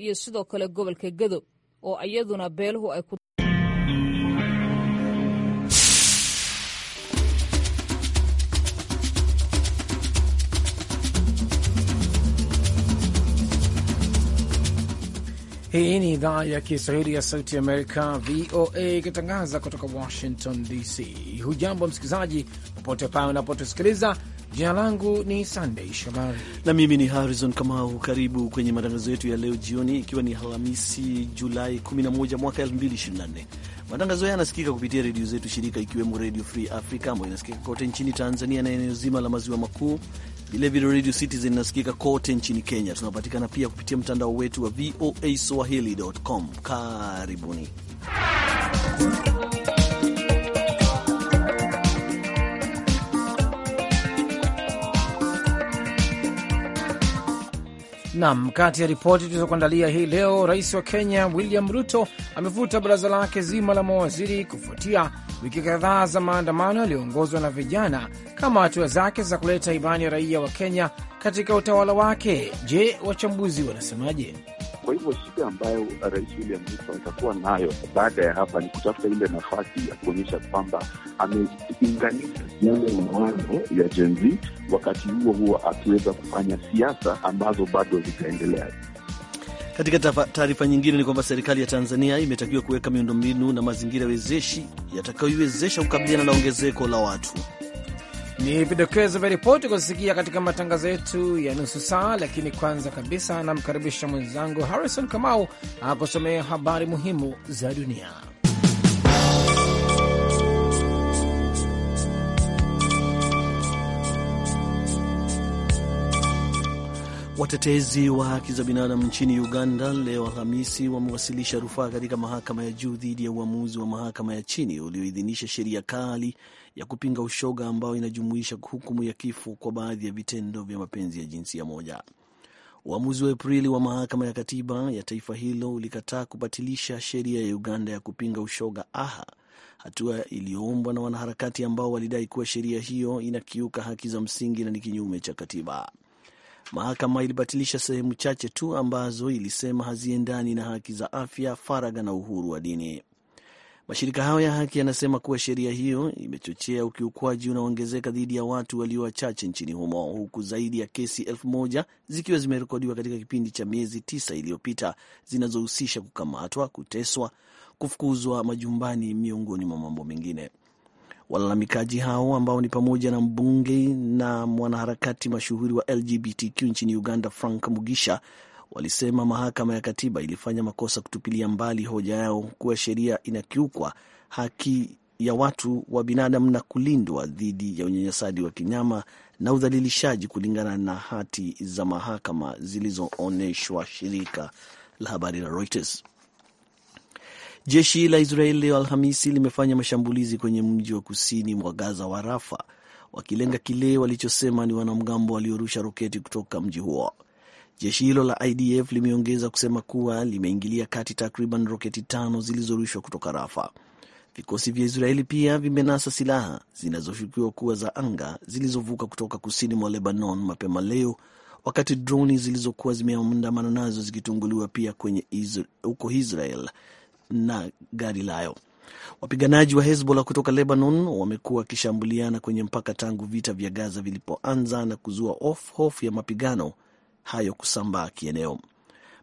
iyo sidoo kale gobolka Gedo oo iyaduna beeluhu ay ku Hii ni idhaa ya Kiswahili ya Sauti ya Amerika, VOA, ikitangaza kutoka Washington DC. Hujambo msikilizaji, popote pale unapotusikiliza Jina langu ni sandey Shomari na mimi ni Harrison Kamau. Karibu kwenye matangazo yetu ya leo jioni, ikiwa ni Alhamisi Julai 11 mwaka 2024. Matangazo haya yanasikika kupitia redio zetu shirika, ikiwemo Redio Free Africa ambayo inasikika kote nchini Tanzania na eneo zima la maziwa makuu. Vilevile Redio Citizen inasikika kote nchini Kenya. Tunapatikana pia kupitia mtandao wetu wa voa swahili.com. Karibuni Nam, kati ya ripoti tulizokuandalia hii leo, rais wa Kenya William Ruto amevuta baraza lake zima la mawaziri kufuatia wiki kadhaa za maandamano yaliyoongozwa na vijana kama hatua zake za kuleta imani ya raia wa Kenya katika utawala wake. Je, wachambuzi wanasemaje? Kwa hivyo shida ambayo Rais William Ruto atakuwa nayo baada ya hapa ni kutafuta ile nafasi ya kuonyesha kwamba ameinganisha yale mawazo ya Gen Z, wakati huo huo akiweza kufanya siasa ambazo bado zitaendelea. Katika taarifa nyingine ni kwamba serikali ya Tanzania imetakiwa kuweka miundombinu na mazingira wezeshi yatakayoiwezesha kukabiliana na ongezeko la watu ni vidokezo vya ripoti kusikia katika matangazo yetu ya nusu saa, lakini kwanza kabisa namkaribisha mwenzangu Harrison Kamau akusomea habari muhimu za dunia. Watetezi wa haki za binadamu nchini Uganda leo Alhamisi wamewasilisha rufaa katika mahakama ya juu dhidi ya uamuzi wa mahakama ya chini ulioidhinisha sheria kali ya kupinga ushoga ambayo inajumuisha hukumu ya kifo kwa baadhi ya vitendo vya mapenzi ya jinsia moja. Uamuzi wa Aprili wa mahakama ya katiba ya taifa hilo ulikataa kubatilisha sheria ya Uganda ya kupinga ushoga AHA, hatua iliyoombwa na wanaharakati ambao walidai kuwa sheria hiyo inakiuka haki za msingi na ni kinyume cha katiba. Mahakama ilibatilisha sehemu chache tu ambazo ilisema haziendani na haki za afya, faragha na uhuru wa dini. Mashirika hayo ya haki yanasema kuwa sheria hiyo imechochea ukiukwaji unaoongezeka dhidi ya watu walio wachache nchini humo, huku zaidi ya kesi elfu moja zikiwa zimerekodiwa katika kipindi cha miezi tisa iliyopita zinazohusisha kukamatwa, kuteswa, kufukuzwa majumbani, miongoni mwa mambo mengine. Walalamikaji hao ambao ni pamoja na mbunge na mwanaharakati mashuhuri wa LGBTQ nchini Uganda, Frank Mugisha, walisema mahakama ya katiba ilifanya makosa kutupilia mbali hoja yao kuwa sheria inakiukwa haki ya watu wa binadamu na kulindwa dhidi ya unyanyasaji wa kinyama na udhalilishaji kulingana na hati za mahakama zilizoonyeshwa shirika la habari la Reuters. Jeshi la Israel leo Alhamisi limefanya mashambulizi kwenye mji wa kusini mwa Gaza wa Rafa, wakilenga kile walichosema ni wanamgambo waliorusha roketi kutoka mji huo. Jeshi hilo la IDF limeongeza kusema kuwa limeingilia kati takriban roketi tano zilizorushwa kutoka Rafa. Vikosi vya Israeli pia vimenasa silaha zinazoshukiwa kuwa za anga zilizovuka kutoka kusini mwa Lebanon mapema leo, wakati droni zilizokuwa zimeandamana nazo zikitunguliwa pia kwenye huko Israel na gari layo. Wapiganaji wa Hezbollah kutoka Lebanon wamekuwa wakishambuliana kwenye mpaka tangu vita vya Gaza vilipoanza na kuzua hofu ya mapigano hayo kusambaa kieneo.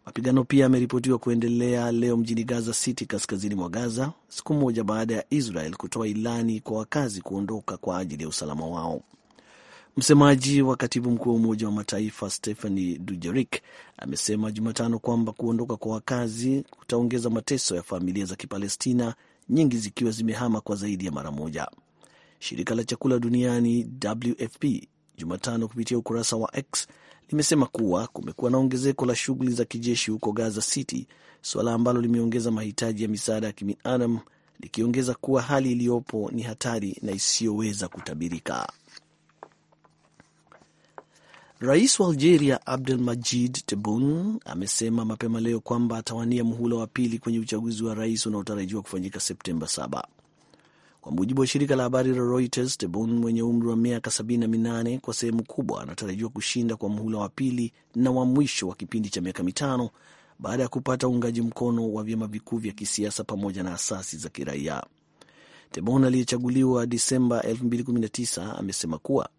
Mapigano pia yameripotiwa kuendelea leo mjini Gaza City, kaskazini mwa Gaza, siku moja baada ya Israel kutoa ilani kwa wakazi kuondoka kwa ajili ya usalama wao. Msemaji wa katibu mkuu wa Umoja wa Mataifa Stephanie Dujerik amesema Jumatano kwamba kuondoka kwa wakazi kutaongeza mateso ya familia za Kipalestina, nyingi zikiwa zimehama kwa zaidi ya mara moja. Shirika la chakula duniani WFP Jumatano kupitia ukurasa wa X limesema kuwa kumekuwa na ongezeko la shughuli za kijeshi huko Gaza City, suala ambalo limeongeza mahitaji ya misaada ya kibinadamu, likiongeza kuwa hali iliyopo ni hatari na isiyoweza kutabirika. Rais wa Algeria majid Tebboune amesema mapema leo kwamba atawania muhula wa pili kwenye uchaguzi wa rais unaotarajiwa kufanyika Septemba 7. Kwa mujibu wa shirika la habari la Reuters, Tebboune mwenye umri wa miaka 78 kwa sehemu kubwa anatarajiwa kushinda kwa muhula wa pili na wa mwisho wa kipindi cha miaka mitano baada ya kupata uungaji mkono wa vyama vikuu vya kisiasa pamoja na asasi za kiraia. Tebon aliyechaguliwa Disemba 2019 amesema kuwa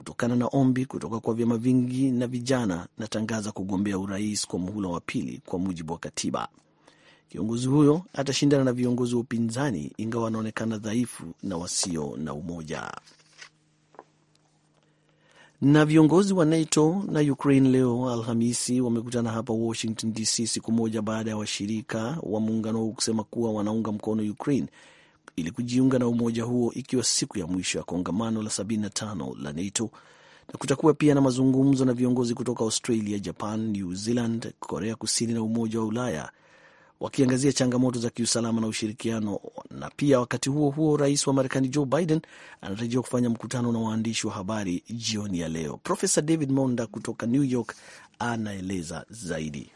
kutokana na ombi kutoka kwa vyama vingi na vijana, natangaza kugombea urais kwa muhula wa pili kwa mujibu wa katiba. Kiongozi huyo atashindana na viongozi wa upinzani, ingawa wanaonekana dhaifu na wasio na umoja. Na viongozi wa NATO na Ukraine leo Alhamisi wamekutana hapa Washington DC, siku moja baada ya washirika wa muungano huu kusema kuwa wanaunga mkono Ukraine ili kujiunga na umoja huo ikiwa siku ya mwisho ya kongamano la 75 la NATO na kutakuwa pia na mazungumzo na viongozi kutoka Australia, Japan, New Zealand, Korea Kusini na Umoja wa Ulaya wakiangazia changamoto za kiusalama na ushirikiano. Na pia wakati huo huo, rais wa Marekani Joe Biden anatarajiwa kufanya mkutano na waandishi wa habari jioni ya leo. Profesa David Monda kutoka New York anaeleza zaidi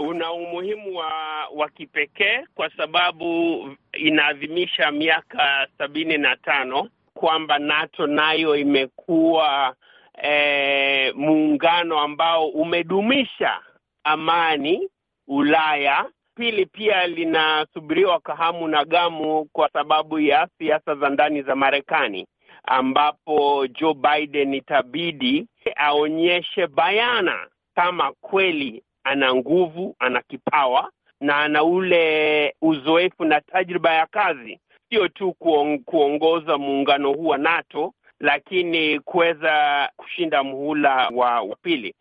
una umuhimu wa wa kipekee kwa sababu inaadhimisha miaka sabini na tano kwamba NATO nayo imekuwa e, muungano ambao umedumisha amani Ulaya. Pili, pia linasubiriwa kwa hamu na gamu kwa sababu ya siasa za ndani za Marekani ambapo Joe Biden itabidi aonyeshe bayana kama kweli ana nguvu, ana kipawa na ana ule uzoefu na tajriba ya kazi, sio tu kuong, kuongoza muungano huu wa NATO, lakini kuweza kushinda mhula wa pili.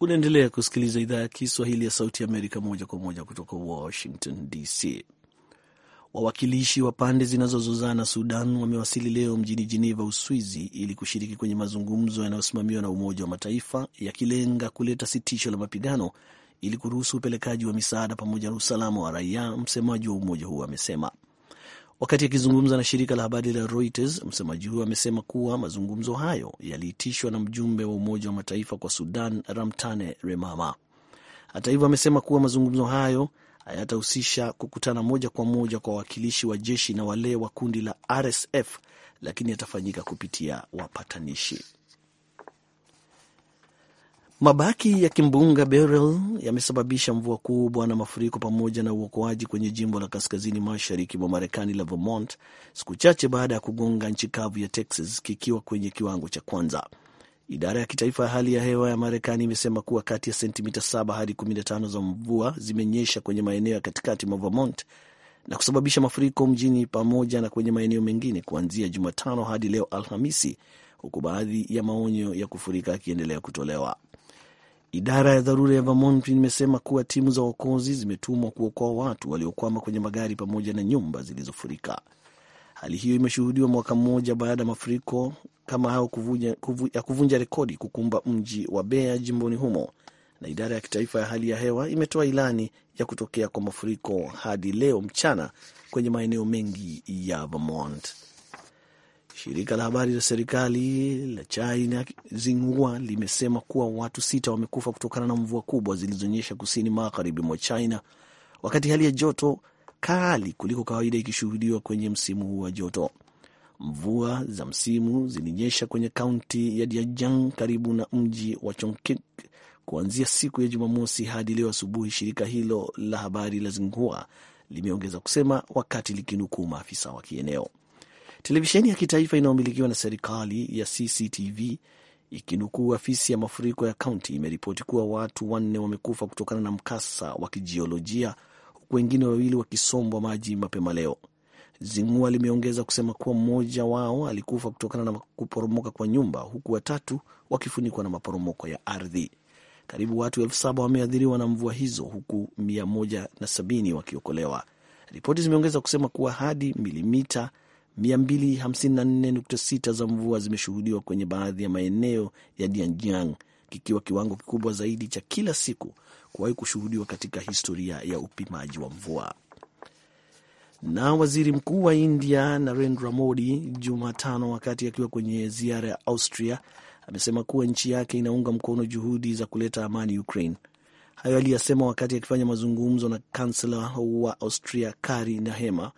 Unaendelea kusikiliza idhaa ya Kiswahili ya Sauti ya Amerika moja kwa moja kutoka Washington DC. Wawakilishi wa pande zinazozozana Sudan wamewasili leo mjini Jeneva, Uswizi, ili kushiriki kwenye mazungumzo yanayosimamiwa na Umoja wa Mataifa yakilenga kuleta sitisho la mapigano ili kuruhusu upelekaji wa misaada pamoja na usalama wa raia, msemaji wa umoja huo amesema. Wakati akizungumza na shirika la habari la Reuters, msemaji huyo amesema kuwa mazungumzo hayo yaliitishwa na mjumbe wa Umoja wa Mataifa kwa Sudan, Ramtane Remama. Hata hivyo, amesema kuwa mazungumzo hayo hayatahusisha kukutana moja kwa moja kwa wawakilishi wa jeshi na wale wa kundi la RSF, lakini yatafanyika kupitia wapatanishi. Mabaki ya kimbunga Beryl yamesababisha mvua kubwa na mafuriko pamoja na uokoaji kwenye jimbo la kaskazini mashariki mwa Marekani la Vermont, siku chache baada ya kugonga nchi kavu ya Texas kikiwa kwenye kiwango cha kwanza. Idara ya kitaifa ya hali ya hewa ya Marekani imesema kuwa kati ya sentimita 7 hadi 15 za mvua zimenyesha kwenye maeneo ya katikati mwa Vermont na kusababisha mafuriko mjini pamoja na kwenye maeneo mengine kuanzia Jumatano hadi leo Alhamisi, huku baadhi ya maonyo ya kufurika yakiendelea kutolewa. Idara ya dharura ya Vermont imesema kuwa timu za uokozi zimetumwa kuokoa watu waliokwama kwenye magari pamoja na nyumba zilizofurika. Hali hiyo imeshuhudiwa mwaka mmoja baada ya mafuriko kama hayo kuvu, ya kuvunja rekodi kukumba mji wa Bea jimboni humo, na idara ya kitaifa ya hali ya hewa imetoa ilani ya kutokea kwa mafuriko hadi leo mchana kwenye maeneo mengi ya Vermont. Shirika la habari la serikali la China Xinhua limesema kuwa watu sita wamekufa kutokana na mvua kubwa zilizonyesha kusini magharibi mwa China, wakati hali ya joto kali kuliko kawaida ikishuhudiwa kwenye msimu huu wa joto. Mvua za msimu zilinyesha kwenye kaunti ya Diajang karibu na mji wa Chongqing kuanzia siku ya Jumamosi hadi leo asubuhi, shirika hilo la habari la Xinhua limeongeza kusema, wakati likinukuu maafisa wa kieneo. Televisheni ya kitaifa inayomilikiwa na serikali ya CCTV ikinukuu afisi ya mafuriko ya kaunti imeripoti kuwa watu wanne wamekufa kutokana na mkasa wa kijiolojia, huku wengine wawili wakisombwa maji mapema leo zingua limeongeza kusema kuwa mmoja wao alikufa kutokana na kuporomoka kwa nyumba huku watatu wakifunikwa na maporomoko ya ardhi. Karibu watu elfu saba wameathiriwa na mvua hizo huku mia moja na sabini wakiokolewa. Ripoti zimeongeza kusema kuwa hadi milimita 254.6 za mvua zimeshuhudiwa kwenye baadhi ya maeneo ya Dianjiang, kikiwa kiwango kikubwa zaidi cha kila siku kuwahi kushuhudiwa katika historia ya upimaji wa mvua na waziri mkuu wa India Narendra Modi Jumatano wakati akiwa kwenye ziara ya Austria amesema kuwa nchi yake inaunga mkono juhudi za kuleta amani Ukraine. Hayo aliyasema wakati akifanya mazungumzo na kansela wa Austria Kari Nahema,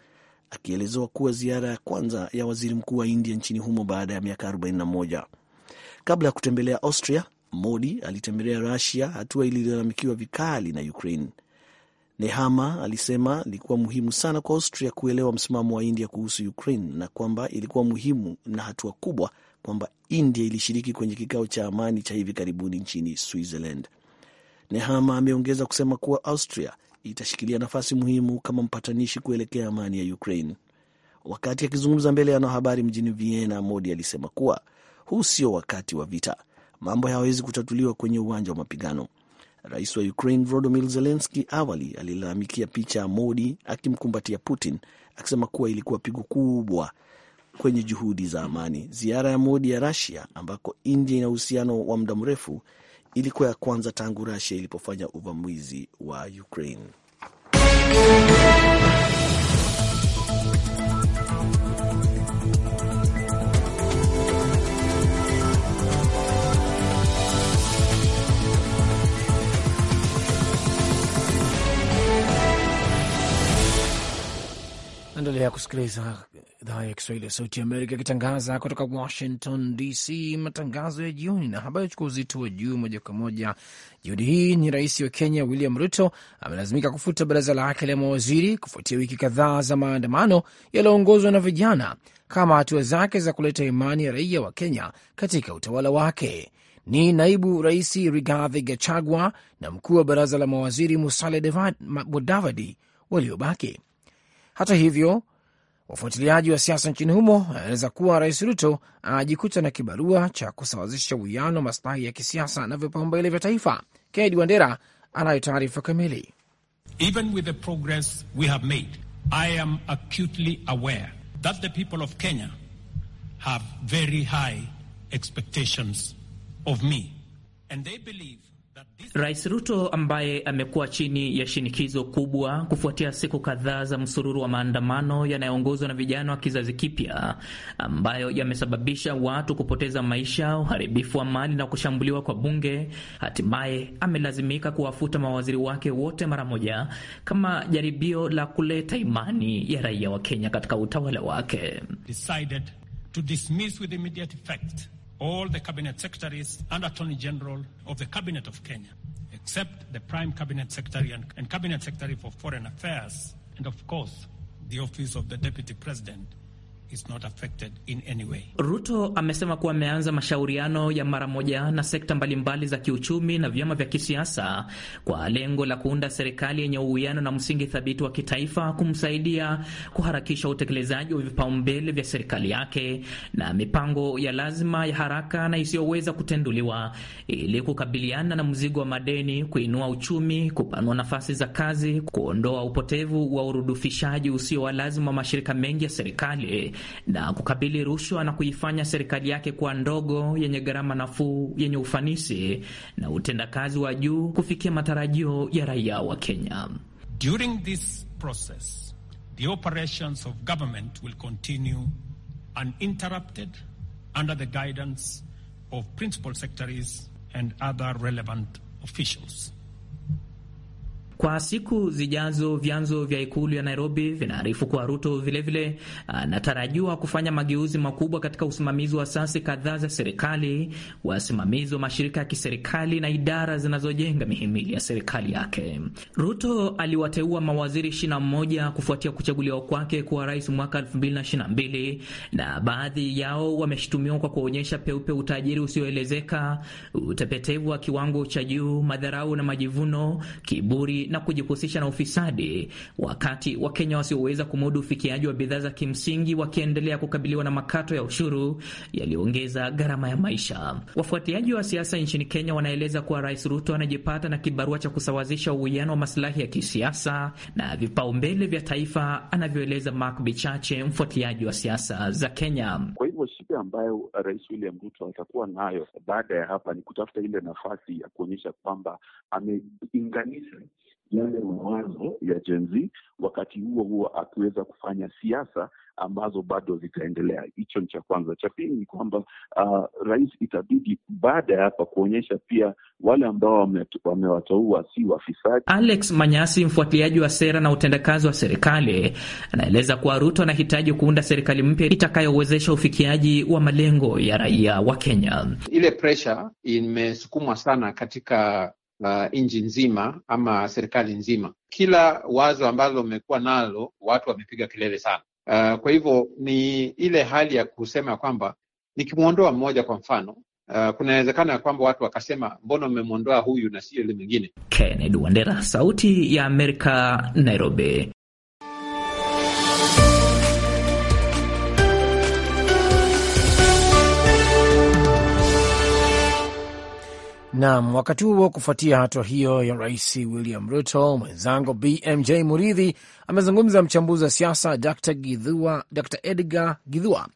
akielezewa kuwa ziara ya kwanza ya waziri mkuu wa India nchini humo baada ya miaka 41. Kabla ya kutembelea Austria, Modi alitembelea Rusia, hatua ililalamikiwa vikali na Ukraine. Nehama alisema ilikuwa muhimu sana kwa Austria kuelewa msimamo wa India kuhusu Ukraine na kwamba ilikuwa muhimu na hatua kubwa kwamba India ilishiriki kwenye kikao cha amani cha hivi karibuni nchini Switzerland. Nehama ameongeza kusema kuwa Austria itashikilia nafasi muhimu kama mpatanishi kuelekea amani ya Ukraine. Wakati akizungumza mbele ya wanahabari mjini Vienna, Modi alisema kuwa huu sio wakati wa vita, mambo hayawezi kutatuliwa kwenye uwanja wa mapigano. Rais wa Ukraine Volodymyr Zelensky awali alilalamikia picha ya Modi akimkumbatia Putin akisema kuwa ilikuwa pigo kubwa kwenye juhudi za amani. Ziara ya Modi ya Russia ambako India ina uhusiano wa muda mrefu ilikuwa ya kwanza tangu Russia ilipofanya uvamizi wa Ukraine. Endelea kusikiliza idhaa ya Kiswahili ya Sauti Amerika ikitangaza kutoka Washington DC. Matangazo ya jioni na habari chukua uzito wa juu moja kwa moja jioni hii ni rais wa Kenya William Ruto amelazimika kufuta baraza lake la mawaziri kufuatia wiki kadhaa za maandamano yaliyoongozwa na vijana kama hatua zake za kuleta imani ya raia wa Kenya katika utawala wake. Ni naibu rais Rigathi Gachagua na mkuu wa baraza la mawaziri Musalia Mudavadi waliobaki. Hata hivyo, wafuatiliaji wa siasa nchini humo wanaeleza kuwa Rais Ruto anajikuta na kibarua cha kusawazisha uwiano wa maslahi ya kisiasa na vipaumbele vya taifa. Kennedy Wandera anayo taarifa kamili. Even with the progress we have made, I am acutely aware that the people of Kenya have very high expectations of me and they believe Rais Ruto ambaye amekuwa chini ya shinikizo kubwa kufuatia siku kadhaa za msururu wa maandamano yanayoongozwa na vijana wa kizazi kipya ambayo yamesababisha watu kupoteza maisha, uharibifu wa mali na kushambuliwa kwa bunge, hatimaye amelazimika kuwafuta mawaziri wake wote mara moja kama jaribio la kuleta imani ya raia wa Kenya katika utawala wake. Decided to dismiss with immediate effect all the cabinet secretaries and attorney general of the cabinet of Kenya, except the prime cabinet secretary and, and cabinet secretary for foreign affairs, and of course, the office of the deputy president is not affected in any way. Ruto amesema kuwa ameanza mashauriano ya mara moja na sekta mbalimbali za kiuchumi na vyama vya kisiasa kwa lengo la kuunda serikali yenye uwiano na msingi thabiti wa kitaifa kumsaidia kuharakisha utekelezaji wa vipaumbele vya serikali yake na mipango ya lazima ya haraka na isiyoweza kutenduliwa ili kukabiliana na mzigo wa madeni, kuinua uchumi, kupanua nafasi za kazi, kuondoa upotevu wa urudufishaji usio wa lazima wa mashirika mengi ya serikali na kukabili rushwa na kuifanya serikali yake kuwa ndogo, yenye gharama nafuu, yenye ufanisi na utendakazi wa juu kufikia matarajio ya raia wa Kenya. During this process, the operations of government will continue uninterrupted under the guidance of principal secretaries and other relevant officials. Kwa siku zijazo, vyanzo vya ikulu ya Nairobi vinaarifu kuwa Ruto vilevile ah, anatarajiwa kufanya mageuzi makubwa katika usimamizi wa asasi kadhaa za serikali, wasimamizi wa mashirika ya kiserikali na idara zinazojenga mihimili ya serikali yake. Ruto aliwateua mawaziri 21 kufuatia kuchaguliwa kwake kuwa rais mwaka 2022 na baadhi yao wameshutumiwa kwa kuonyesha peupe utajiri usioelezeka, utepetevu wa kiwango cha juu, madharau na majivuno, kiburi na kujihusisha na ufisadi, wakati Wakenya wasioweza kumudu ufikiaji wa bidhaa za kimsingi wakiendelea kukabiliwa na makato ya ushuru yaliyoongeza gharama ya maisha. Wafuatiliaji wa siasa nchini Kenya wanaeleza kuwa Rais Ruto anajipata na kibarua cha kusawazisha uwiano wa masilahi ya kisiasa na vipaumbele vya taifa, anavyoeleza Mark Bichache, mfuatiliaji wa siasa za Kenya. Kwa hivyo shida ambayo Rais William Ruto atakuwa nayo baada ya hapa ni kutafuta ile nafasi ya kuonyesha kwamba ameinganisha yale mawazo ya Gen Z, wakati huo huo akiweza kufanya siasa ambazo bado zitaendelea. Hicho ni cha kwanza. Cha pili ni kwamba uh, rais itabidi baada ya hapa kuonyesha pia wale ambao wamewatoua si wafisadi. Alex Manyasi, mfuatiliaji wa sera na utendakazi wa serikali, anaeleza kuwa Ruto anahitaji kuunda serikali mpya itakayowezesha ufikiaji wa malengo ya raia wa Kenya. Ile presha imesukumwa sana katika uh, nchi nzima ama serikali nzima. Kila wazo ambalo umekuwa nalo watu wamepiga kelele sana. Uh, kwa hivyo ni ile hali ya kusema kwamba nikimwondoa mmoja kwa mfano uh, kunawezekana kwamba watu wakasema mbona umemwondoa huyu na sio yule mwingine. Kennedy Wandera, Sauti ya Amerika, Nairobi. Naam, wakati huo, kufuatia hatua hiyo ya Rais William Ruto, mwenzangu BMJ Muridhi amezungumza mchambuzi wa siasa Dr. Gidhua, Dr. Edgar Gidhua,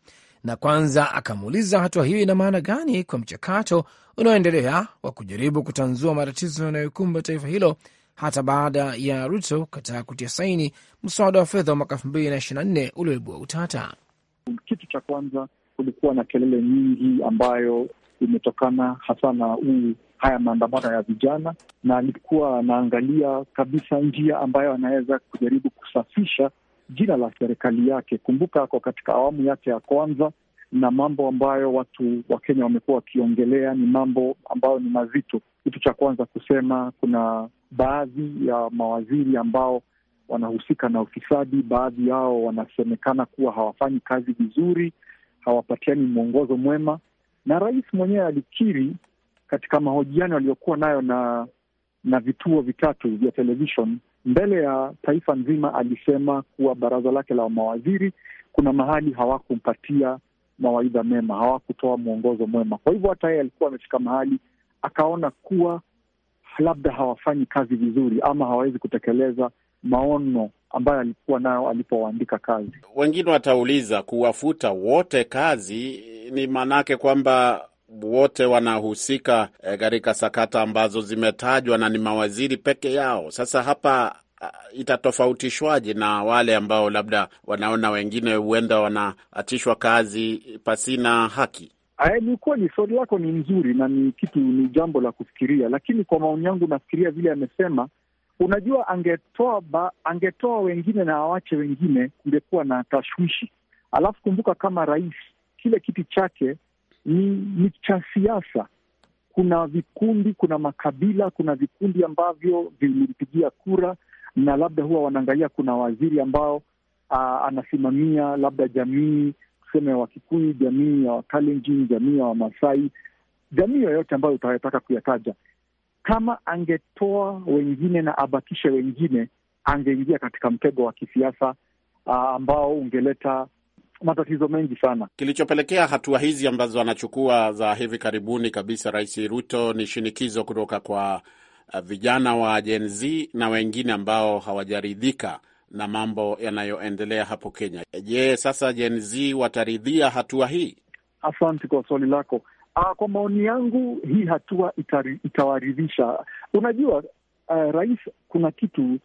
na kwanza akamuuliza hatua hiyo ina maana gani kwa mchakato unaoendelea wa kujaribu kutanzua matatizo yanayokumba taifa hilo hata baada ya Ruto kataa kutia saini mswada wa fedha wa mwaka elfu mbili na ishirini na nne ulioibua utata. Kitu cha kwanza kulikuwa na kelele nyingi ambayo imetokana hasa na huu haya maandamano ya vijana, na alikuwa anaangalia kabisa njia ambayo anaweza kujaribu kusafisha jina la serikali yake. Kumbuka ako katika awamu yake ya kwanza, na mambo ambayo watu wa Kenya wamekuwa wakiongelea ni mambo ambayo ni mazito. Kitu cha kwanza kusema, kuna baadhi ya mawaziri ambao wanahusika na ufisadi. Baadhi yao wanasemekana kuwa hawafanyi kazi vizuri, hawapatiani mwongozo mwema na rais mwenyewe alikiri katika mahojiano aliyokuwa nayo na na vituo vitatu vya television mbele ya taifa nzima, alisema kuwa baraza lake la mawaziri kuna mahali hawakumpatia mawaidha mema, hawakutoa mwongozo mwema. Kwa hivyo hata yeye alikuwa amefika mahali akaona kuwa labda hawafanyi kazi vizuri ama hawawezi kutekeleza maono ambayo alikuwa nayo alipowaandika kazi. Wengine watauliza kuwafuta wote kazi ni maanake kwamba wote wanahusika eh, katika e, sakata ambazo zimetajwa na ni mawaziri peke yao. Sasa hapa eh, itatofautishwaje na wale ambao labda wanaona wengine huenda wanaachishwa kazi pasina haki? Aya, eh, ni kweli swali lako ni nzuri na ni kitu, ni jambo la kufikiria, lakini kwa maoni yangu nafikiria vile amesema Unajua, angetoa ba, angetoa wengine na awache wengine, kungekuwa na tashwishi. Alafu kumbuka, kama rais, kile kiti chake ni, ni cha siasa. Kuna vikundi, kuna makabila, kuna vikundi ambavyo vilimpigia kura, na labda huwa wanaangalia, kuna waziri ambao aa, anasimamia labda jamii tuseme ya Wakikuyu, jamii ya Wakalenjin, jamii ya Wamasai, jamii yoyote ambayo utayotaka kuyataja kama angetoa wengine na abakishe wengine, angeingia katika mtego wa kisiasa ah, ambao ungeleta matatizo mengi sana. Kilichopelekea hatua hizi ambazo anachukua za hivi karibuni kabisa Rais Ruto ni shinikizo kutoka kwa ah, vijana wa Gen Z na wengine ambao hawajaridhika na mambo yanayoendelea hapo Kenya. Je, sasa Gen Z wataridhia hatua hii? Asante kwa swali lako. Uh, kwa maoni yangu hii hatua itawaridhisha. Unajua uh, rais kuna kitu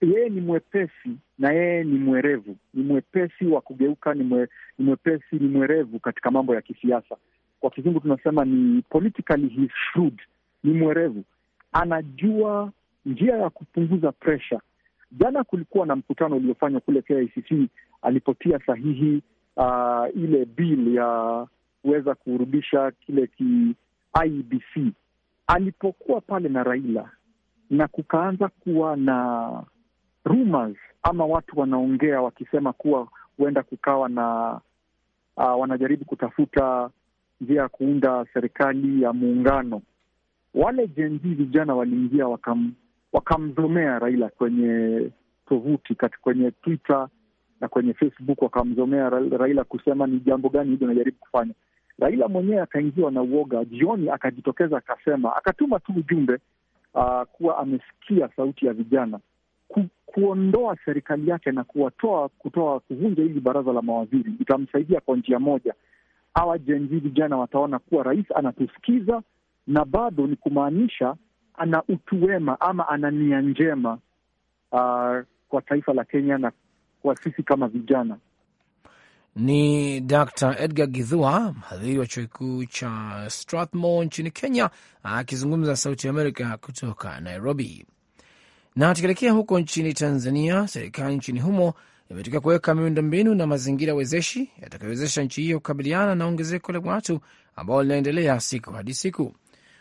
yeye ni mwepesi na yeye ni mwerevu, ni mwepesi wa kugeuka, ni, mwe, ni mwepesi, ni mwerevu katika mambo ya kisiasa. Kwa kizungu tunasema ni politically he's shrewd, ni mwerevu, anajua njia ya kupunguza presha. Jana kulikuwa na mkutano uliofanywa kule KICC, alipotia sahihi uh, ile bill ya kuweza kurudisha kile ki IBC alipokuwa pale na Raila na kukaanza kuwa na rumors ama watu wanaongea wakisema kuwa huenda kukawa na uh, wanajaribu kutafuta njia ya kuunda serikali ya muungano. Wale Gen Z vijana waliingia wakam, wakamzomea Raila kwenye tovuti kati kwenye Twitter na kwenye Facebook wakamzomea Raila kusema ni jambo gani hili unajaribu kufanya. Raila mwenyewe akaingiwa na uoga, jioni akajitokeza, akasema, akatuma tu ujumbe uh, kuwa amesikia sauti ya vijana ku, kuondoa serikali yake na kuwatoa kutoa kuvunja hili baraza la mawaziri itamsaidia kwa njia moja. Hawa Gen Z vijana wataona kuwa rais anatusikiza na bado ni kumaanisha ana utu wema ama ana nia njema uh, kwa taifa la Kenya na kwa sisi kama vijana. Ni Dr Edgar Githua, mhadhiri wa chuo kikuu cha Strathmore nchini Kenya, akizungumza Sauti ya Amerika kutoka Nairobi. Na tukielekea huko nchini Tanzania, serikali nchini humo imetokea kuweka miundombinu na mazingira wezeshi yatakayowezesha nchi hiyo kukabiliana na ongezeko la watu ambao linaendelea siku hadi siku.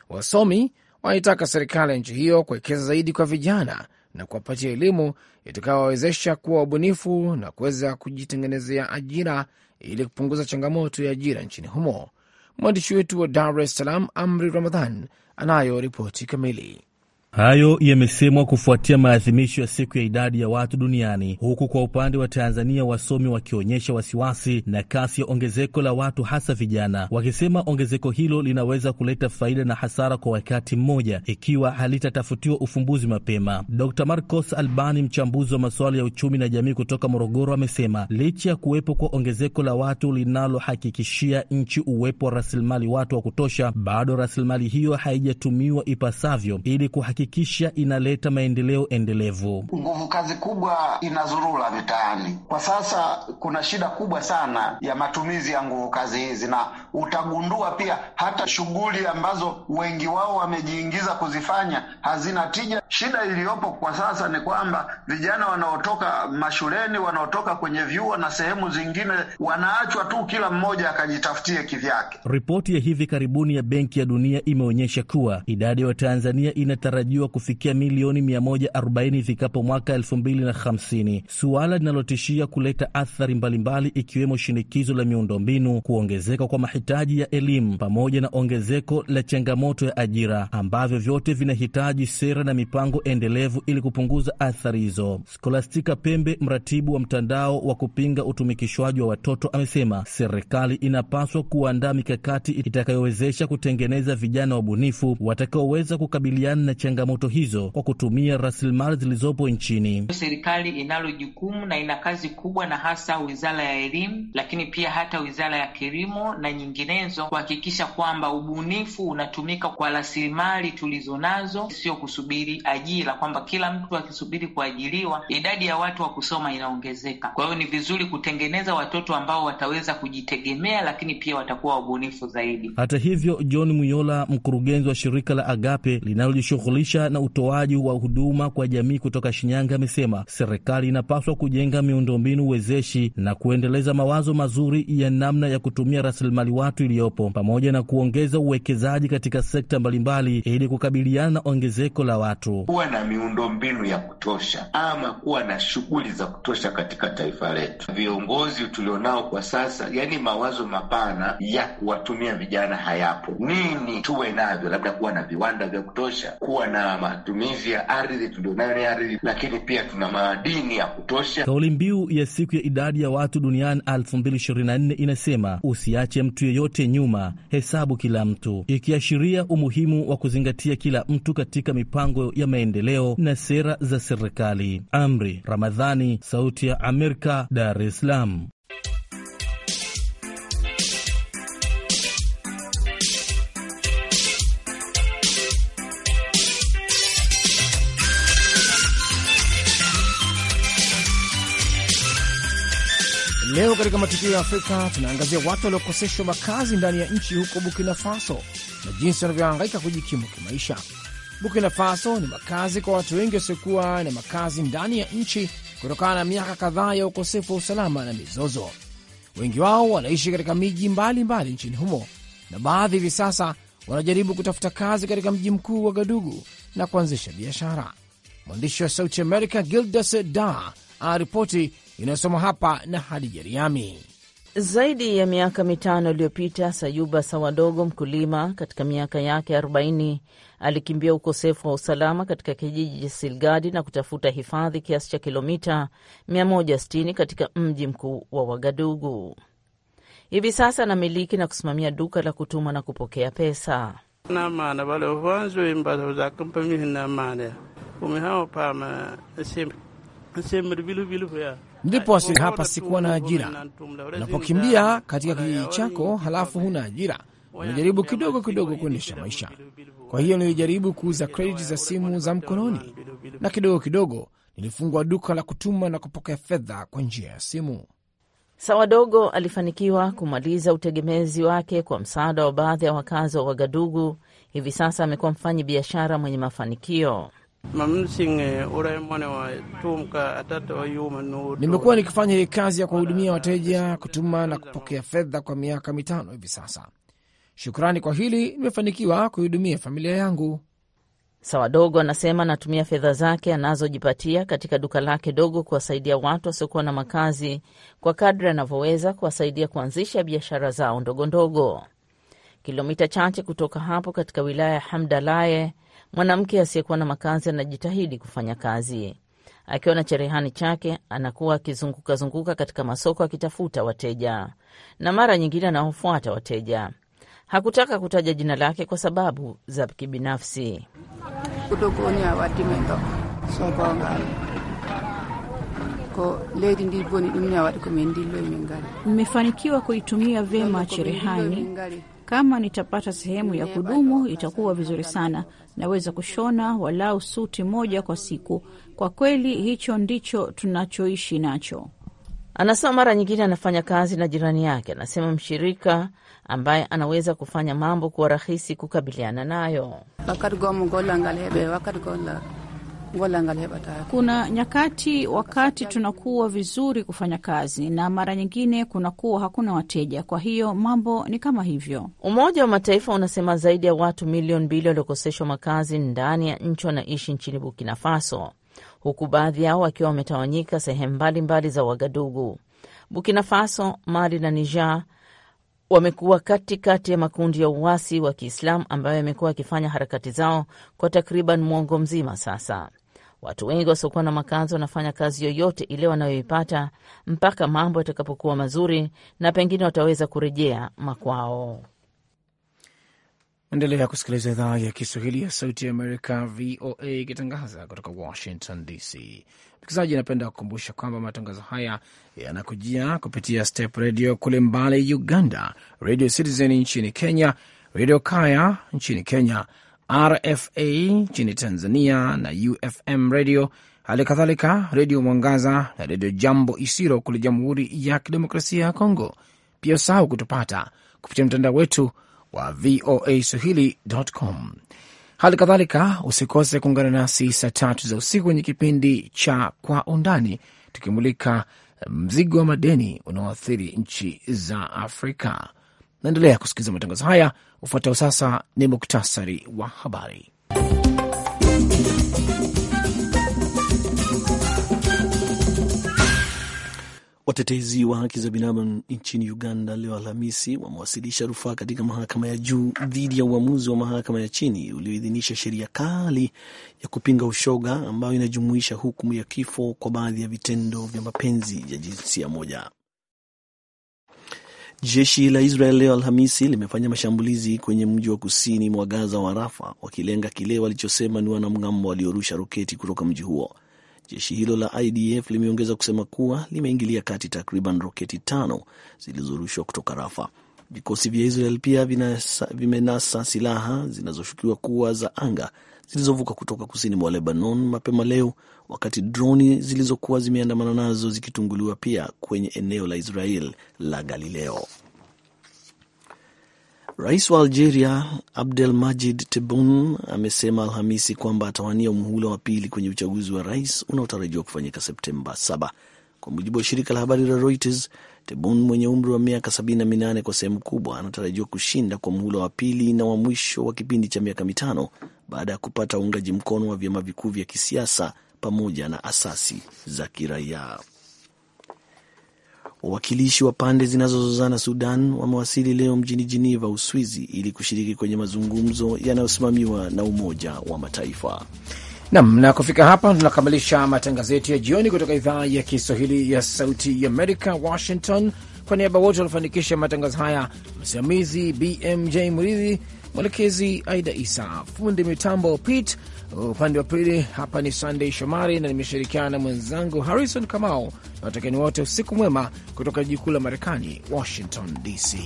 Wasomi wanaitaka serikali ya nchi hiyo kuwekeza zaidi kwa vijana na kuwapatia elimu itakayowawezesha kuwa wabunifu na kuweza kujitengenezea ajira ili kupunguza changamoto ya ajira nchini humo. Mwandishi wetu wa Dar es Salaam, Amri Ramadhan, anayo ripoti kamili. Hayo yamesemwa kufuatia maadhimisho ya siku ya idadi ya watu duniani, huku kwa upande wa Tanzania wasomi wakionyesha wasiwasi na kasi ya ongezeko la watu, hasa vijana, wakisema ongezeko hilo linaweza kuleta faida na hasara kwa wakati mmoja ikiwa halitatafutiwa ufumbuzi mapema. Dr Marcos Albani, mchambuzi wa masuala ya uchumi na jamii kutoka Morogoro, amesema licha ya kuwepo kwa ongezeko la watu linalohakikishia nchi uwepo wa rasilimali watu wa kutosha, bado rasilimali hiyo haijatumiwa ipasavyo ili kuhakiki kuhakikisha inaleta maendeleo endelevu. Nguvu kazi kubwa inazurula mitaani kwa sasa. Kuna shida kubwa sana ya matumizi ya nguvu kazi hizi, na utagundua pia hata shughuli ambazo wengi wao wamejiingiza kuzifanya hazina tija. Shida iliyopo kwa sasa ni kwamba vijana wanaotoka mashuleni, wanaotoka kwenye vyuo na sehemu zingine, wanaachwa tu kila mmoja akajitafutie kivyake. Ripoti ya hivi karibuni ya Benki ya Dunia imeonyesha kuwa idadi ya Watanzania inatarajiwa linatarajiwa kufikia milioni 140 ifikapo mwaka 2050, suala linalotishia kuleta athari mbalimbali ikiwemo shinikizo la miundombinu, kuongezeka kwa mahitaji ya elimu, pamoja na ongezeko la changamoto ya ajira, ambavyo vyote vinahitaji sera na mipango endelevu ili kupunguza athari hizo. Skolastika Pembe, mratibu wa mtandao wa kupinga utumikishwaji wa watoto, amesema serikali inapaswa kuandaa mikakati itakayowezesha kutengeneza vijana wabunifu watakaoweza kukabiliana na changamoto hizo kwa kutumia rasilimali zilizopo nchini. Serikali inalo jukumu na ina kazi kubwa, na hasa wizara ya elimu, lakini pia hata wizara ya kilimo na nyinginezo, kuhakikisha kwamba ubunifu unatumika kwa rasilimali tulizo nazo, sio kusubiri ajira, kwamba kila mtu akisubiri kuajiriwa idadi ya watu wa kusoma inaongezeka. Kwa hiyo ni vizuri kutengeneza watoto ambao wataweza kujitegemea, lakini pia watakuwa wabunifu zaidi. Hata hivyo, John Muyola, mkurugenzi wa shirika la Agape linalojishughulisha kujihusisha na utoaji wa huduma kwa jamii kutoka Shinyanga amesema serikali inapaswa kujenga miundombinu wezeshi na kuendeleza mawazo mazuri ya namna ya kutumia rasilimali watu iliyopo pamoja na kuongeza uwekezaji katika sekta mbalimbali ili kukabiliana na ongezeko la watu. Kuwa na miundombinu ya kutosha ama kuwa na shughuli za kutosha katika taifa letu. Viongozi tulionao kwa sasa, yani mawazo mapana ya kuwatumia vijana hayapo. Nini tuwe navyo? Labda kuwa na viwanda vya kutosha, kuwa na na matumizi ya ardhi tulionayo ni ardhi, lakini pia tuna madini ya kutosha. Kauli mbiu ya siku ya idadi ya watu duniani 2024 inasema usiache mtu yeyote nyuma, hesabu kila mtu, ikiashiria umuhimu wa kuzingatia kila mtu katika mipango ya maendeleo na sera za serikali. Amri Ramadhani, Sauti ya Amerika, Dar es Salaam. Leo katika matukio ya Afrika tunaangazia watu waliokoseshwa makazi ndani ya nchi huko Burkina Faso na jinsi wanavyohangaika kujikimu kimaisha. Burkina Faso ni makazi kwa watu wengi wasiokuwa na makazi ndani ya nchi kutokana na miaka kadhaa ya ukosefu wa usalama na mizozo. Wengi wao wanaishi katika miji mbalimbali mbali nchini humo, na baadhi hivi sasa wanajaribu kutafuta kazi katika mji mkuu wa Gadugu na kuanzisha biashara. Mwandishi wa Sauti Amerika Gildas Da aripoti inayosoma hapa na Hadija Riami. Zaidi ya miaka mitano iliyopita, Sayuba Sawadogo, mkulima, katika miaka yake 40 alikimbia ukosefu wa usalama katika kijiji cha Silgadi na kutafuta hifadhi kiasi cha kilomita 160 katika mji mkuu wa Wagadugu. Hivi sasa anamiliki na kusimamia duka la kutuma na kupokea pesa. Ndipo wasili hapa, sikuwa na ajira. Unapokimbia katika kijiji chako halafu huna ajira, unajaribu kidogo kidogo kuendesha maisha. Kwa hiyo nilijaribu kuuza krediti za simu za mkononi, na kidogo kidogo nilifungua duka la kutuma na kupokea fedha kwa njia ya simu. Sawadogo alifanikiwa kumaliza utegemezi wake kwa msaada wa baadhi ya wakazi wa Wagadugu. Hivi sasa amekuwa mfanyi biashara mwenye mafanikio. Nimekuwa nikifanya hii kazi ya kuwahudumia wateja, kutuma na kupokea fedha kwa miaka mitano hivi sasa. Shukrani kwa hili nimefanikiwa kuihudumia familia yangu. Sawadogo anasema anatumia fedha zake anazojipatia katika duka lake dogo kuwasaidia watu wasiokuwa na makazi kwa kadri anavyoweza kuwasaidia kuanzisha biashara zao ndogondogo. Kilomita chache kutoka hapo katika wilaya ya Hamdalaye Mwanamke asiyekuwa na makazi anajitahidi kufanya kazi akiwa na cherehani chake, anakuwa akizungukazunguka katika masoko akitafuta wateja, na mara nyingine anaofuata wateja. Hakutaka kutaja jina lake kwa sababu za kibinafsi. Mmefanikiwa kuitumia vyema cherehani kama nitapata sehemu ya kudumu itakuwa vizuri sana. Naweza kushona walau suti moja kwa siku. Kwa kweli, hicho ndicho tunachoishi nacho. Anasema mara nyingine anafanya kazi na jirani yake, anasema mshirika ambaye anaweza kufanya mambo kuwa rahisi kukabiliana nayo. Kuna nyakati wakati tunakuwa vizuri kufanya kazi na mara nyingine kunakuwa hakuna wateja, kwa hiyo mambo ni kama hivyo. Umoja wa Mataifa unasema zaidi ya watu milioni mbili waliokoseshwa makazi ndani ya nchi wanaishi nchini Burkina Faso, huku baadhi yao wakiwa wametawanyika sehemu mbalimbali za Wagadugu. Burkina Faso, Mali na Niger wamekuwa katikati ya makundi ya uasi wa Kiislamu ambayo yamekuwa yakifanya harakati zao kwa takriban mwongo mzima sasa. Watu wengi wasiokuwa na makazi wanafanya kazi yoyote ile wanayoipata mpaka mambo yatakapokuwa mazuri na pengine wataweza kurejea makwao. Endelea kusikiliza idhaa ya Kiswahili ya Sauti ya Amerika, VOA, ikitangaza kutoka Washington DC. Msikilizaji, anapenda kukumbusha kwamba matangazo haya yanakujia kupitia Step Redio kule Mbale, Uganda, Redio Citizen nchini Kenya, Redio Kaya nchini Kenya, RFA nchini Tanzania na UFM Radio, hali kadhalika Redio Mwangaza na Redio Jambo Isiro kule Jamhuri ya Kidemokrasia ya Kongo. Pia usahau kutupata kupitia mtandao wetu wa VOA Swahili.com. Hali kadhalika usikose kuungana nasi saa tatu za usiku kwenye kipindi cha Kwa Undani, tukimulika mzigo wa madeni unaoathiri nchi za Afrika. Naendelea kusikiliza matangazo haya. Ufuatao sasa ni muktasari wa habari. Watetezi wa haki za binadamu nchini Uganda leo Alhamisi wamewasilisha rufaa katika mahakama ya juu dhidi ya uamuzi wa mahakama ya chini ulioidhinisha sheria kali ya kupinga ushoga ambayo inajumuisha hukumu ya kifo kwa baadhi ya vitendo vya mapenzi ya jinsia moja. Jeshi la Israel leo Alhamisi limefanya mashambulizi kwenye mji wa kusini mwa Gaza wa Rafa, wakilenga kile walichosema ni wanamgambo waliorusha roketi kutoka mji huo. Jeshi hilo la IDF limeongeza kusema kuwa limeingilia kati takriban roketi tano zilizorushwa kutoka Rafa. Vikosi vya Israel pia vinasa, vimenasa silaha zinazoshukiwa kuwa za anga zilizovuka kutoka kusini mwa Lebanon mapema leo, wakati droni zilizokuwa zimeandamana nazo zikitunguliwa pia kwenye eneo la Israel la Galileo. Rais wa Algeria abdel majid Tebboune amesema Alhamisi kwamba atawania muhula wa pili kwenye uchaguzi wa rais unaotarajiwa kufanyika Septemba 7 kwa mujibu wa shirika la habari la Reuters. Tebun mwenye umri wa miaka 78 kwa sehemu kubwa anatarajiwa kushinda kwa muhula wa pili na wa mwisho wa kipindi cha miaka mitano baada ya kupata uungaji mkono wa vyama vikuu vya kisiasa pamoja na asasi za kiraia. Wawakilishi wa pande zinazozozana Sudan wamewasili leo mjini Jeneva, Uswizi, ili kushiriki kwenye mazungumzo yanayosimamiwa na Umoja wa Mataifa. Nam na kufika hapa tunakamilisha matangazo yetu ya jioni kutoka idhaa ya Kiswahili ya Sauti ya Amerika, Washington. Kwa niaba wote waliofanikisha matangazo haya, msimamizi BMJ Muridhi, mwelekezi Aida Isa, fundi mitambo Pete, upande wa pili hapa ni sandey Shomari na nimeshirikiana na mwenzangu Harrison Kamau na watakeni wote usiku mwema kutoka jiji kuu la Marekani, Washington DC.